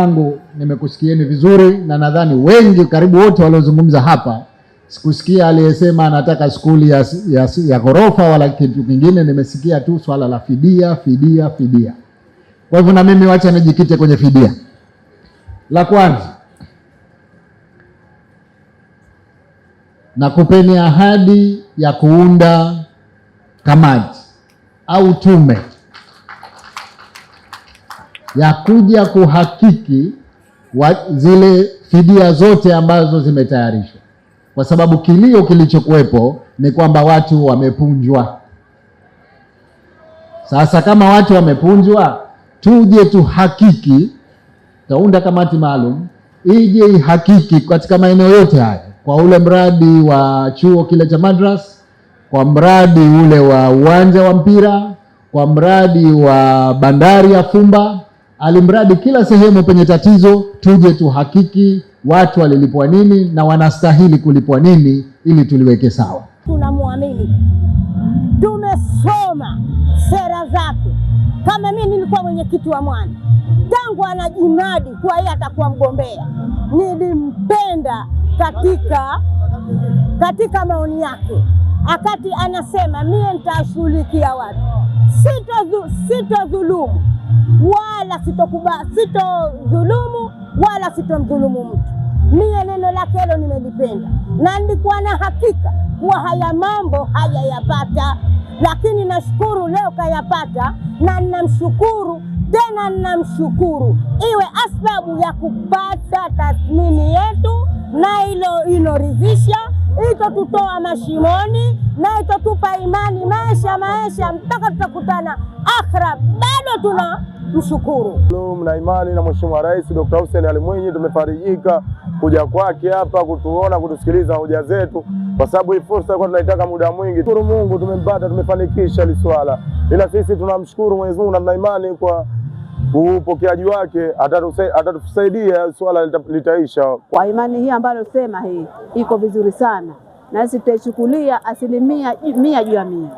angu nimekusikieni vizuri, na nadhani wengi, karibu wote waliozungumza hapa, sikusikia aliyesema anataka skuli ya, ya, ya ghorofa wala kitu kingine. Nimesikia tu swala la fidia, fidia, fidia. Kwa hivyo na mimi wacha nijikite kwenye fidia. La kwanza, nakupeni ahadi ya kuunda kamati au tume ya kuja kuhakiki wa zile fidia zote ambazo zimetayarishwa, kwa sababu kilio kilichokuwepo ni kwamba watu wamepunjwa. Sasa kama watu wamepunjwa, tuje tuhakiki. Taunda kamati maalum ije ihakiki katika maeneo yote haya, kwa ule mradi wa chuo kile cha madras, kwa mradi ule wa uwanja wa mpira, kwa mradi wa bandari ya Fumba Alimradi kila sehemu penye tatizo tuje tuhakiki watu walilipwa nini na wanastahili kulipwa nini ili tuliweke sawa. Tunamwamini, tumesoma sera zake. Kama mimi nilikuwa mwenyekiti wa Mwana tangu anajinadi kuwa yeye atakuwa mgombea, nilimpenda katika katika maoni yake akati anasema mie nitashughulikia watu, sito dhulumu wala sitokuba sitodhulumu wala sitomdhulumu mtu. Mie neno lake hilo nimelipenda, na nilikuwa na hakika kuwa haya mambo hayayapata, lakini nashukuru leo kayapata, na ninamshukuru tena ninamshukuru, iwe asbabu ya kupata tathmini yetu na ilo iloridhisha itatutoa mashimoni na itatupa imani maisha maisha mpaka tutakutana akhira. Bado tuna mshukuru mna imani na Mheshimiwa Rais Dr. Hussein Ali Mwinyi. Tumefarijika kuja kwake hapa kutuona, kutusikiliza hoja zetu, kwa sababu hii fursa ilikuwa tunaitaka muda mwingi. Shukuru Mungu tumempata, tumefanikisha hili swala, ila sisi tunamshukuru Mwenyezi Mungu na mna imani kwa upokeaji wake atatusaidia swala litaisha kwa imani hii ambayo sema hii iko vizuri sana, nasi tutaichukulia asilimia mia juu ya mia.